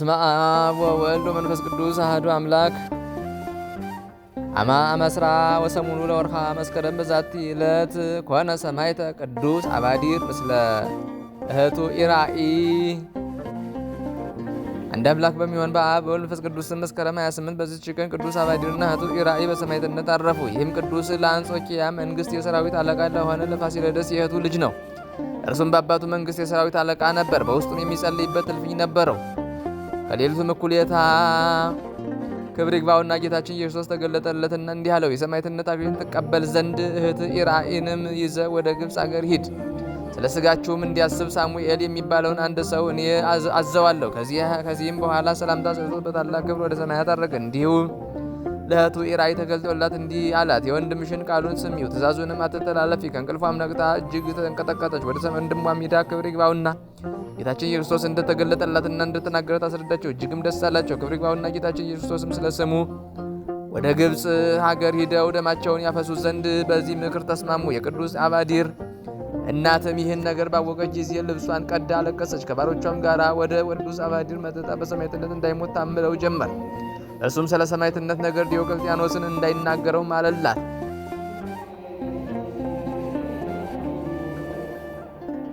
ስመ አብ ወወልድ ወመንፈስ ቅዱስ አህዱ አምላክ አማ አመስራ ወሰሙኑ ለወርሃ መስከረም በዛቲ ዕለት ኮነ ሰማዕተ ቅዱስ አባዲር ምስለ እህቱ ኢራኢ። አንድ አምላክ በሚሆን በአብ በወልድ ቅዱስ መስከረም 28 በዚች ቀን ቅዱስ አባዲርና እህቱ ኢራኢ በሰማዕትነት አረፉ። ይህም ቅዱስ ለአንጾኪያ መንግስት የሰራዊት አለቃ ለሆነ ለፋሲለደስ የእህቱ ልጅ ነው። እርሱም በአባቱ መንግስት የሰራዊት አለቃ ነበር። በውስጡም የሚጸልይበት እልፍኝ ነበረው። ከሌሊቱም እኩሌታ ክብር ይግባውና ጌታችን ኢየሱስ ተገለጠለትና እንዲህ አለው፣ የሰማዕትነት አክሊልን ትቀበል ዘንድ እህት ኢራኢንም ይዘ ወደ ግብፅ አገር ሂድ። ስለ ስጋችሁም እንዲያስብ ሳሙኤል የሚባለውን አንድ ሰው እኔ አዘዋለሁ። ከዚህም በኋላ ሰላምታ ሰጥቶት በታላቅ ክብር ወደ ሰማያት አረገ። እንዲሁ ለእህቱ ኢራይ ተገልጦላት እንዲህ አላት፣ የወንድምሽን ቃሉን ስሚው፣ ትእዛዙንም አትተላለፊ። ከእንቅልፏም ነቅታ እጅግ ተንቀጠቀጠች። ወደ ወንድሟም ሄዳ ክብር ይግባውና ጌታችን የክርስቶስ ክርስቶስ እንደተገለጠላትና እንደተናገረ አስረዳቸው። እጅግም ደስ አላቸው። ክብር ይግባውና ጌታችን ኢየሱስ ክርስቶስም ስለስሙ ወደ ግብፅ ሀገር ሂደው ደማቸውን ያፈሱ ዘንድ በዚህ ምክር ተስማሙ። የቅዱስ አባዲር እናትም ይህን ነገር ባወቀች ጊዜ ልብሷን ቀዳ አለቀሰች። ከባሮቿም ጋር ወደ ቅዱስ አባዲር መጠጣ በሰማዕትነት እንዳይሞት ታምለው ጀመር። እሱም ስለ ሰማዕትነት ነገር ዲዮቅልጥያኖስን እንዳይናገረው ማለላት።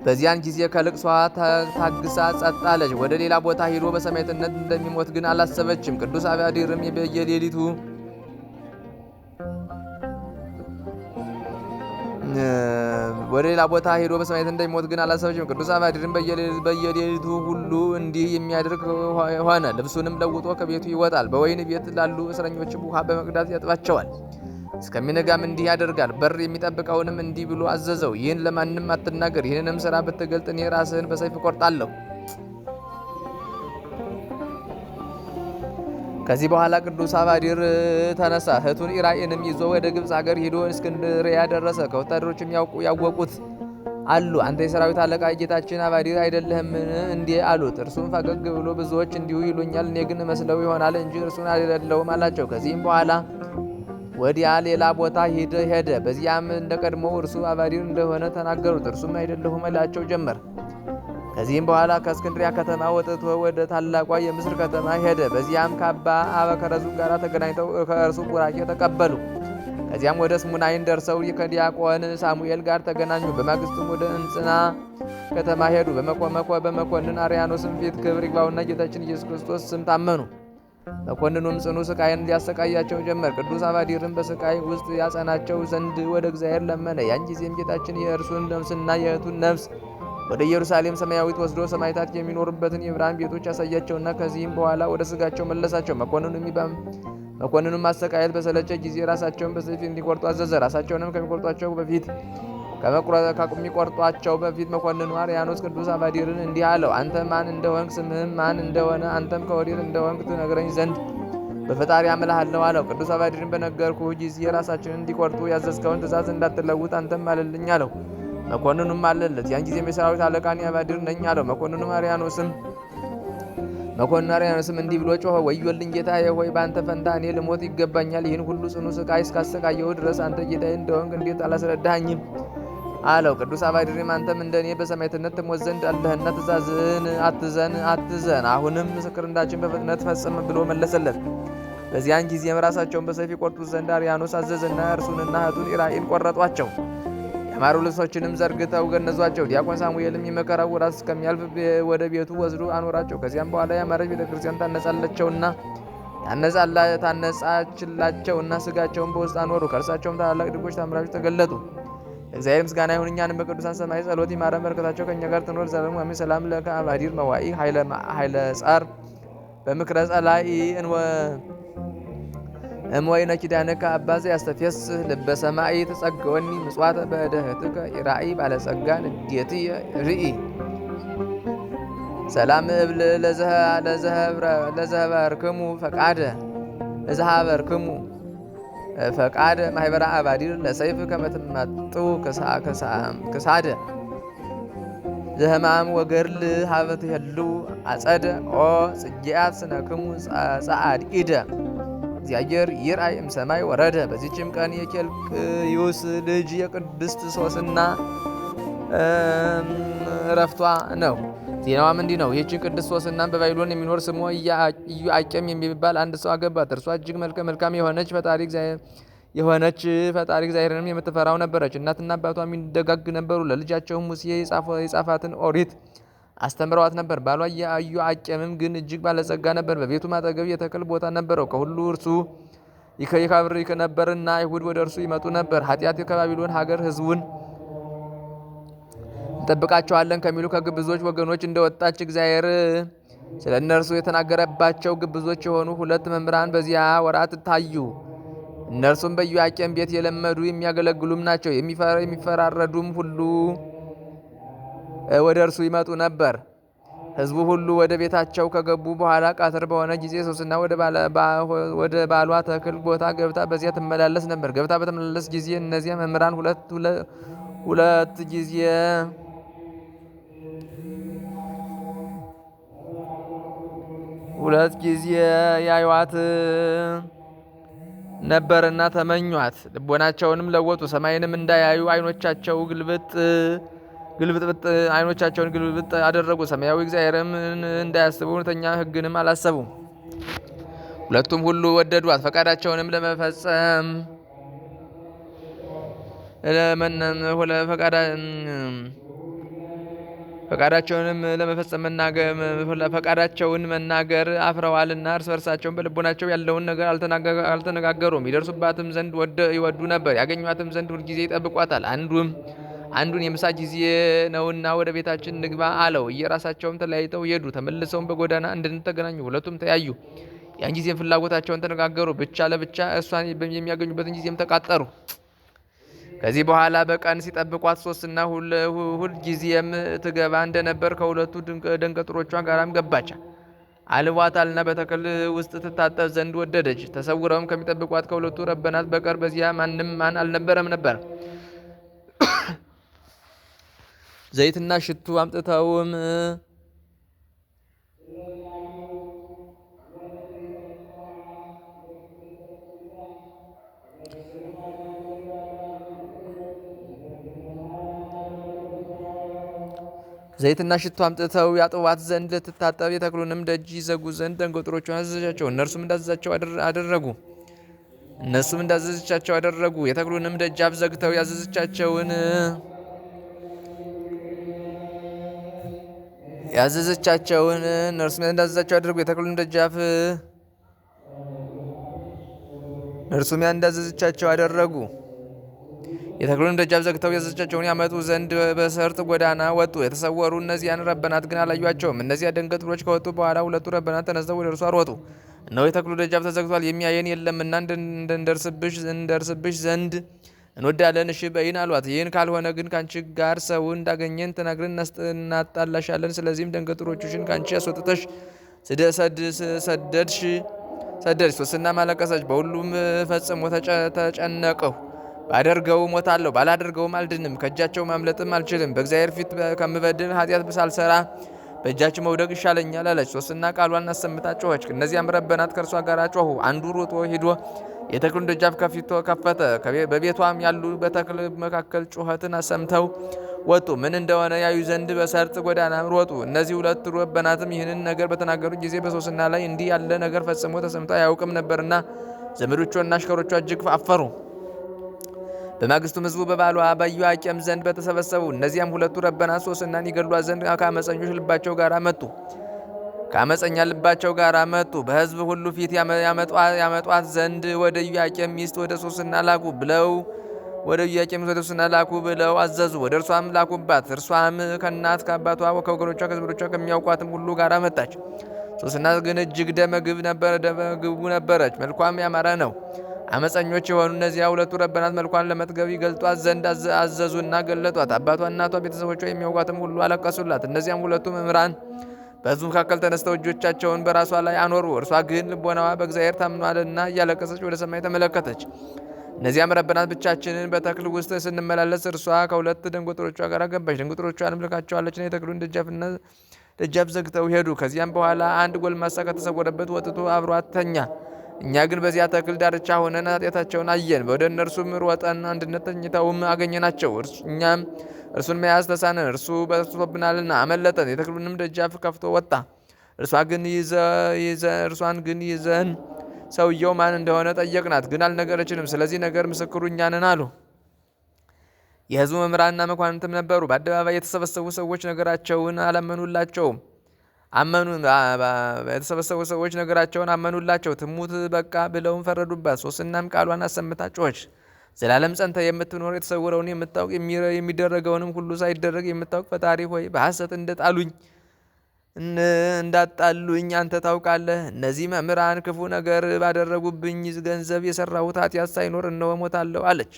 በዚያን ጊዜ ከልቅሷ ታግሳ ጸጥ አለች። ወደ ሌላ ቦታ ሂዶ በሰማዕትነት እንደሚሞት ግን አላሰበችም። ቅዱስ አብያድርም በየሌሊቱ ወደ ሌላ ቦታ ሄዶ በሰማዕትነት እንደሚሞት ግን አላሰበችም። ቅዱስ አባድርን በየሌሊቱ ሁሉ እንዲህ የሚያደርግ ሆነ። ልብሱንም ለውጦ ከቤቱ ይወጣል። በወይን ቤት ላሉ እስረኞችም ውሃ በመቅዳት ያጥባቸዋል። እስከሚነጋም እንዲህ ያደርጋል። በር የሚጠብቀውንም እንዲህ ብሎ አዘዘው፣ ይህን ለማንም አትናገር። ይህንንም ስራ ብትገልጥ እኔ ራስህን በሰይፍ እቆርጣለሁ። ከዚህ በኋላ ቅዱስ አባዲር ተነሳ። እህቱን ኢራኤንም ይዞ ወደ ግብፅ አገር ሂዶ እስክንድርያ ደረሰ። ከወታደሮችም ያውቁ ያወቁት አሉ። አንተ የሰራዊት አለቃ ጌታችን አባዲር አይደለህምን? እንዲህ አሉት። እርሱም ፈገግ ብሎ ብዙዎች እንዲሁ ይሉኛል፣ እኔ ግን መስለው ይሆናል እንጂ እርሱን አይደለውም አላቸው። ከዚህም በኋላ ወዲያ ሌላ ቦታ ሄደ። በዚያም ቀድሞ እርሱ አባዲር እንደሆነ ተናገሩት። እርሱም አይደለሁም እላቸው ጀመር። ከዚህም በኋላ ከእስክንድሪያ ከተማ ወጥቶ ወደ ታላቋ የምስር ከተማ ሄደ። በዚያም ከአባ አበከረዙ ጋር ተገናኝተው ከእርሱ ቡራኬ ተቀበሉ። ከዚያም ወደ ስሙናይን ደርሰው ከዲያቆን ሳሙኤል ጋር ተገናኙ። በማግስቱም ወደ እንጽና ከተማ ሄዱ። በመኮመኮ በመኮንን አርያኖስም ፊት ክብር ይግባውና ጌታችን ኢየሱስ ክርስቶስ ስም ታመኑ። መኮንኑም ጽኑ ስቃይን ሊያሰቃያቸው ጀመር። ቅዱስ አባዲርም በስቃይ ውስጥ ያጸናቸው ዘንድ ወደ እግዚአብሔር ለመነ። ያን ጊዜም ጌታችን የእርሱን ነፍስና የእህቱን ነፍስ ወደ ኢየሩሳሌም ሰማያዊት ወስዶ ሰማይታት የሚኖሩበትን የብርሃን ቤቶች ያሳያቸውና ከዚህም በኋላ ወደ ስጋቸው መለሳቸው። መኮንኑም ማሰቃየት በሰለቸ ጊዜ ራሳቸውን በሰይፍ እንዲቆርጡ አዘዘ። ራሳቸውንም ከሚቆርጧቸው በፊት ከሚቆርጧቸው በፊት መኮንኑ አርያኖስ ቅዱስ አባዲርን እንዲህ አለው፣ አንተ ማን እንደሆንክ ስምህም ማን እንደሆነ አንተም ከወዴት እንደሆንክ ትነግረኝ ዘንድ በፈጣሪ አምልሃለሁ አለው። ቅዱስ አባዲርን በነገርኩ ጊዜ ራሳቸውን እንዲቆርጡ ያዘዝከውን ትእዛዝ እንዳትለውጥ አንተም አልልኝ አለው። መኮንኑም አለለት። ያን ጊዜም የሰራዊት አለቃ አባድር ነኝ አለው። መኮንኑም አርያኖስም መኮንን አርያኖስም እንዲህ ብሎ ጮኸ፣ ወዮልኝ ጌታዬ ሆይ በአንተ ፈንታ እኔ ልሞት ይገባኛል። ይህን ሁሉ ጽኑ ስቃይ እስካሰቃየሁ ድረስ አንተ ጌታዬ እንደሆንክ እንዴት አላስረዳኸኝም አለው። ቅዱስ አባድርም አንተም እንደ እኔ በሰማዕትነት ትሞት ዘንድ አለህና ትእዛዝን አትዘን አትዘን፣ አሁንም ምስክርነታችን በፍጥነት ፈጽም ብሎ መለሰለት። በዚያን ጊዜም ራሳቸውን በሰፊ ይቆርጡት ዘንድ አርያኖስ አዘዘና እርሱንና እህቱን ኢራኤል ቆረጧቸው። ማሩ ልብሶችንም ዘርግተው ገነዟቸው። ዲያቆን ሳሙኤልም የመከራው ወራት እስከሚያልፍ ወደ ቤቱ ወስዶ አኖራቸው። ከዚያም በኋላ ያማረች ቤተ ክርስቲያን ታነጻችላቸውና ስጋቸውን በውስጥ አኖሩ። ከእርሳቸውም ታላላቅ ድጎች ታምራቾች ተገለጡ። እግዚአብሔር ምስጋና ይሁን። እኛንም በቅዱሳን ሰማይ ጸሎት ይማረን። በረከታቸው ከእኛ ጋር ትኖር ዘላለሙ አሜን። ሰላም ለከ አባዲር መዋኢ ኃይለ ጻር በምክረ ጸላኢ እምወይነ ኪዳንከ አባዘ ያስተፌስ ልበ ሰማይ ተጸገወኒ ምጽዋተ በደህትከ ራእይ ባለጸጋ ንዴትየ ርኢ ሰላም እብል ለዘህበርክሙ ፈቃደ እዝሃበርክሙ ፈቃደ ማህበራ አባዲር ለሰይፍ ከመትመጡ ክሳደ ዘህማም ወገርል ሃበት የሉ አጸደ ኦ ጽጌያት ስነክሙ ጸአድ ኢደ እግዚአብሔር ይርአይ እምሰማይ ወረደ። በዚችም ቀን የኬልቅዩስ ልጅ የቅድስት ሶስና እረፍቷ ነው። ዜናዋም እንዲህ ነው። ይህችን ቅድስት ሶስናን በባቢሎን የሚኖር ስሙ ኢዮአቄም የሚባል አንድ ሰው አገባት። እርሷ እጅግ መልከ መልካም የሆነች ፈጣሪ የሆነች ፈጣሪ እግዚአብሔርንም የምትፈራው ነበረች። እናትና አባቷም ይደጋግ ነበሩ። ለልጃቸውም ሙሴ የጻፋትን ኦሪት አስተምረዋት ነበር። ባሏ የአዩ አቄምም ግን እጅግ ባለጸጋ ነበር። በቤቱ አጠገብ የተክል ቦታ ነበረው። ከሁሉ እርሱ ይከብር ነበርና አይሁድ ወደ እርሱ ይመጡ ነበር። ኃጢአት ከባቢሎን ሀገር ህዝቡን እንጠብቃቸዋለን ከሚሉ ከግብዞች ወገኖች እንደወጣች እግዚአብሔር ስለ እነርሱ የተናገረባቸው ግብዞች የሆኑ ሁለት መምህራን በዚያ ወራት ታዩ። እነርሱም አቄም ቤት የለመዱ የሚያገለግሉም ናቸው። የሚፈራረዱም ሁሉ ወደ እርሱ ይመጡ ነበር። ህዝቡ ሁሉ ወደ ቤታቸው ከገቡ በኋላ ቀትር በሆነ ጊዜ ሶስና ወደ ባሏ ተክል ቦታ ገብታ በዚያ ትመላለስ ነበር። ገብታ በተመላለስ ጊዜ እነዚያ መምህራን ሁለት ጊዜ ሁለት ጊዜ ያዩዋት ነበርና ተመኟት። ልቦናቸውንም ለወጡ። ሰማይንም እንዳያዩ አይኖቻቸው ግልብጥ ግልብጥብጥ አይኖቻቸውን ግልብጥ አደረጉ። ሰማያዊ እግዚአብሔርም እንዳያስቡ እውነተኛ ሕግንም አላሰቡም። ሁለቱም ሁሉ ወደዷት፣ ፈቃዳቸውንም ለመፈጸም ፈቃዳቸውንም ለመፈጸም ፈቃዳቸውን መናገር አፍረዋልና እርስ በርሳቸውን በልቦናቸው ያለውን ነገር አልተነጋገሩም። ይደርሱባትም ዘንድ ይወዱ ነበር፣ ያገኟትም ዘንድ ሁልጊዜ ይጠብቋታል። አንዱም አንዱን የምሳ ጊዜ ነውና ወደ ቤታችን ንግባ አለው። እየራሳቸውም ተለያይተው ሄዱ። ተመልሰውም በጎዳና እንድንተገናኙ ሁለቱም ተያዩ። ያን ጊዜም ፍላጎታቸውን ተነጋገሩ። ብቻ ለብቻ እሷን የሚያገኙበትን ጊዜም ተቃጠሩ። ከዚህ በኋላ በቀን ሲጠብቋት ሶስትና ሁል ጊዜም ትገባ እንደነበር ከሁለቱ ደንቀጥሮቿ ጋራም ገባች። አልቧታልና በተክል ውስጥ ትታጠብ ዘንድ ወደደች። ተሰውረውም ከሚጠብቋት ከሁለቱ ረበናት በቀር በዚያ ማንም ማን አልነበረም ነበር። ዘይትና ሽቱ አምጥተውም ዘይትና ሽቱ አምጥተው ያጥዋት ዘንድ ልትታጠብ የተክሉንም ደጅ ይዘጉ ዘንድ ደንገጥሮቹን አዘዛቸው። እነርሱም እንዳዘዛቸው አደረጉ። እነሱም እንዳዘዘቻቸው አደረጉ። የተክሉንም ደጃፍ ዘግተው ያዘዘቻቸውን ያዘዘቻቸውን እነርሱ እንዳዘዛቸው አድርጉ። የተክሉን ደጃፍ እርሱም ያን እንዳዘዘቻቸው አደረጉ። የተክሉን ደጃፍ ዘግተው ያዘዘቻቸውን ያመጡ ዘንድ በሰርጥ ጎዳና ወጡ። የተሰወሩ እነዚያን ረበናት ግን አላዩቸውም። እነዚያ ደንገት ብሎች ከወጡ በኋላ ሁለቱ ረበናት ተነስተው ወደ እርሱ አሮጡ። እነሆ የተክሉ ደጃፍ ተዘግቷል፣ የሚያየን የለምና እንደርስብሽ እንደርስብሽ ዘንድ እንወዳለን እሺ በይን አሏት። ይህን ካልሆነ ግን ካንቺ ጋር ሰው እንዳገኘን ተናግረን እናጣላሻለን። ስለዚህም ደንገጥሮችሽን ካንቺ ያስወጥተሽ ሰደድሽ ሰደድሽ። ሶስናም ማለቀሰች። በሁሉም ፈጽሞ ተጨነቅሁ። ባደርገው ሞታለሁ፣ ባላደርገውም አልድንም፣ ከእጃቸው ማምለጥም አልችልም። በእግዚአብሔር ፊት ከምበድል ኃጢአት ሳልሰራ በእጃቸው መውደቅ ይሻለኛል አለች። ሶስና ቃሏን አሰምታ ጮኸች። እነዚያም ረበናት ከእርሷ ጋር ጮኹ። አንዱ ሮጦ ሂዶ የተክሉን ደጃፍ ከፊቶ ከፈተ። በቤቷም ያሉ በተክል መካከል ጩኸትን ሰምተው ወጡ፣ ምን እንደሆነ ያዩ ዘንድ በሰርጥ ጎዳና ሮጡ። እነዚህ ሁለት ረበናትም ይህንን ነገር በተናገሩት ጊዜ በሶስና ላይ እንዲህ ያለ ነገር ፈጽሞ ተሰምቶ አያውቅም ነበርና ዘመዶቿና አሽከሮቿ እጅግ አፈሩ። በማግስቱም ህዝቡ በባሏ በኢዮአቄም ዘንድ በተሰበሰቡ እነዚያም ሁለቱ ረበናት ሶስናን ይገሏ ዘንድ ከአመፀኞች ልባቸው ጋር መጡ። ከአመፀኛ ልባቸው ጋር መጡ። በህዝብ ሁሉ ፊት ያመጧት ዘንድ ወደ ኢዮአቄም ሚስት ወደ ሶስና ላኩ ብለው ወደ ኢዮአቄም ሚስት ወደ ሶስና ላኩ ብለው አዘዙ። ወደ እርሷም ላኩባት። እርሷም ከእናት ከአባቷ ከወገኖቿ ከሕዝቦቿ ከሚያውቋትም ሁሉ ጋር መጣች። ሶስና ግን እጅግ ደመግብ ነበረ ደመግቡ ነበረች። መልኳም ያማረ ነው። አመፀኞች የሆኑ እነዚያ ሁለቱ ረበናት መልኳን ለመጥገብ ይገልጧት ዘንድ አዘዙና ገለጧት። አባቷ፣ እናቷ፣ ቤተሰቦቿ የሚያውቋትም ሁሉ አለቀሱላት። እነዚያም ሁለቱ መምህራን በሕዝቡ መካከል ተነስተው እጆቻቸውን በራሷ ላይ አኖሩ። እርሷ ግን ልቦናዋ በእግዚአብሔር ታምኗልና እያለቀሰች ወደ ሰማይ ተመለከተች። እነዚያም ረበናት ብቻችንን በተክል ውስጥ ስንመላለስ እርሷ ከሁለት ደንጎጠሮቿ ጋር ገባች። ደንጎጠሮቿንም ልካቸዋለችና የተክሉን ደጃፍና ደጃፍ ዘግተው ሄዱ። ከዚያም በኋላ አንድ ጎልማሳ ከተሰወረበት ወጥቶ አብሯት ተኛ። እኛ ግን በዚያ ተክል ዳርቻ ሆነን ኃጢአታቸውን አየን፣ ወደ እነርሱም ሮጠን አንድነት አገኘናቸው። እኛም እርሱን መያዝ ተሳነን፣ እርሱ በዝቶብናልና አመለጠን። የተክሉንም ደጃፍ ከፍቶ ወጣ። እርሷን ግን ይዘን ሰውየው ማን እንደሆነ ጠየቅናት፣ ግን አልነገረችንም። ስለዚህ ነገር ምስክሩ እኛ ነን አሉ። የህዝቡ መምህራንና መኳንንትም ነበሩ። በአደባባይ የተሰበሰቡ ሰዎች ነገራቸውን አላመኑላቸውም። አመኑ በተሰበሰቡ ሰዎች ነገራቸውን አመኑላቸው። ትሙት በቃ ብለውም ፈረዱባት። ሶስናም ቃሏን አሰምታ ጮኸች። ዘላለም ጸንተ የምትኖር የተሰውረውን የምታውቅ የሚደረገውንም ሁሉ ሳይደረግ የምታውቅ ፈጣሪ ሆይ በሐሰት እንደጣሉኝ እንዳጣሉኝ አንተ ታውቃለህ። እነዚህ መምህራን ክፉ ነገር ባደረጉብኝ ገንዘብ የሰራሁት ኃጢአት ሳይኖር እነሆ እሞታለሁ አለች።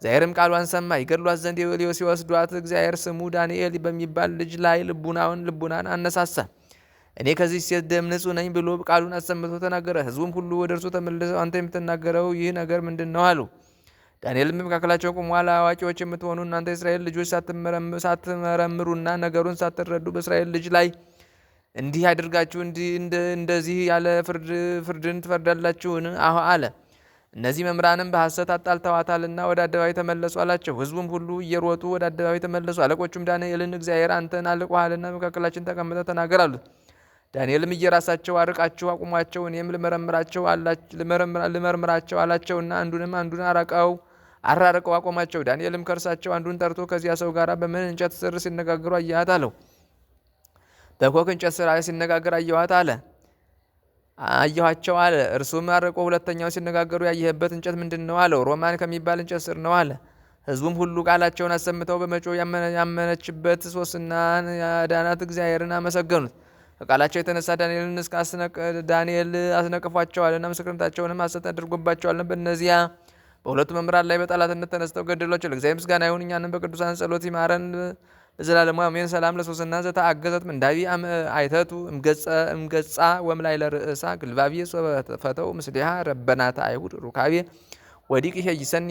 እግዚአብሔርም ቃሏን ሰማ፣ ይገድሏት ዘንድ የወሊዮ ሲወስዷት እግዚአብሔር ስሙ ዳንኤል በሚባል ልጅ ላይ ልቡናውን ልቡናን አነሳሳ። እኔ ከዚህ ሴት ደም ንጹሕ ነኝ ብሎ ቃሉን አሰምቶ ተናገረ። ህዝቡም ሁሉ ወደ እርሱ ተመልሰው አንተ የምትናገረው ይህ ነገር ምንድን ነው አሉ። ዳንኤልም በመካከላቸው ቆሞ አዋቂዎች የምትሆኑ እናንተ እስራኤል ልጆች ሳትመረምሩና ነገሩን ሳትረዱ በእስራኤል ልጅ ላይ እንዲህ ያደርጋችሁ እንደዚህ ያለ ፍርድን ትፈርዳላችሁን? አሁ አለ እነዚህ መምህራንም በሐሰት አጣልተዋታልና ወደ አደባባይ ተመለሱ አላቸው። ህዝቡም ሁሉ እየሮጡ ወደ አደባባይ ተመለሱ። አለቆቹም ዳንኤልን እግዚአብሔር አንተን አልቆሃልና መካከላችን ተቀምጠ ተናገር አሉት። ዳንኤልም እየራሳቸው አርቃቸው አቁሟቸው፣ እኔም ልመርምራቸው አላቸውና አንዱንም አንዱን አራቀው አራርቀው አቆማቸው። ዳንኤልም ከእርሳቸው አንዱን ጠርቶ ከዚያ ሰው ጋር በምን እንጨት ስር ሲነጋገሩ አየሃት አለው። በኮክ እንጨት ስር ሲነጋገር አየኋት አለ። አየኋቸው አለ። እርሱም አርቆ ሁለተኛው ሲነጋገሩ ያየህበት እንጨት ምንድን ነው አለው። ሮማን ከሚባል እንጨት ስር ነው አለ። ህዝቡም ሁሉ ቃላቸውን አሰምተው በመጮ ያመነችበት ሶስትናን ያዳናት እግዚአብሔርን አመሰገኑት። ከቃላቸው የተነሳ ዳንኤልን ዳንኤል አስነቅፏቸዋልና ምስክርነታቸውንም ሐሰት አድርጎባቸዋል በእነዚያ በሁለቱ መምህራን ላይ በጠላትነት ተነስተው ገደሏቸው። ለእግዚአብሔር ምስጋና ይሁን፣ እኛንም በቅዱሳን ጸሎት ይማረን እዝላለማ ሜን ሰላም ለሶስና ዘታ አገዘት ምንዳቢ አይተቱ እምገጻ ላይ ለርእሳ ግልባቢ ፈተው ምስሊሃ ረበናተ አይሁድ ሩካቤ ወዲቅ ሸይሰኒ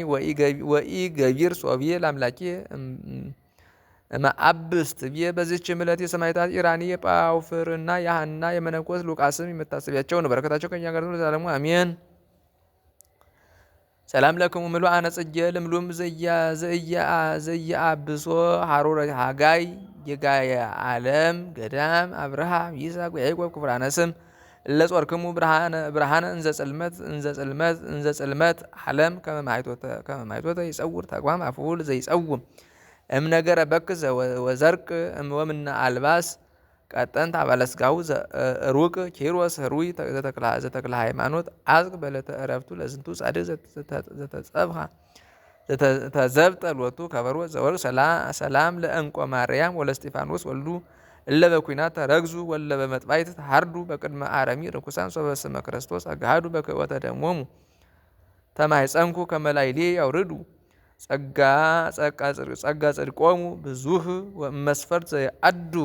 ወኢ ገቢር ሶብዬ ለአምላኪ መአብስት ብዬ በዚች ምለት የሰማይታት ኢራኒ የጳውፍርና የሐና የመነኮስ ሉቃስም የመታሰቢያቸው ነው። በረከታቸው ከኛ ጋር ለዘላለሙ አሜን። ሰላም ለክሙ ምሉአነ ጽጌ ልምሉም ዘየአብሶ ሀሩረ ሃጋይ የጋየ ዓለም ገዳም አብርሃም ይስሐቅ ያዕቆብ ኩፍራነ ስም እለ ጾርክሙ ብርሃነ እንዘ ጽልመት እንዘ ጽልመት እንዘ ጽልመት ዓለም ከመ ማይቶተ ይጸውር ተቋም አፍዑል ዘይጸውም እም በክ ወዘርቅ ወምነ አልባስ ቀጠንታ አባለስጋው ሩቅ ኪሮስ ህሩይ ዘተክለ ሃይማኖት አዝግ በለተ እረፍቱ ለዝንቱ ጻድቅ ዘተጸብሃ ተዘብጠ ሎቱ ከበሮ ዘወርቅ ሰላም ለእንቆ ማርያም ወለስጢፋኖስ ወልዱ እለ በኩናት ተረግዙ ወለ በመጥባይት ተሃርዱ በቅድመ አረሚ ርኩሳን ሶበ ስመ ክርስቶስ አጋሃዱ በክእወተ ደሞሙ ተማይፀንኩ ከመላይሌ ያውርዱ ጸጋ ጸድቆሙ ብዙህ መስፈርት ዘየአዱ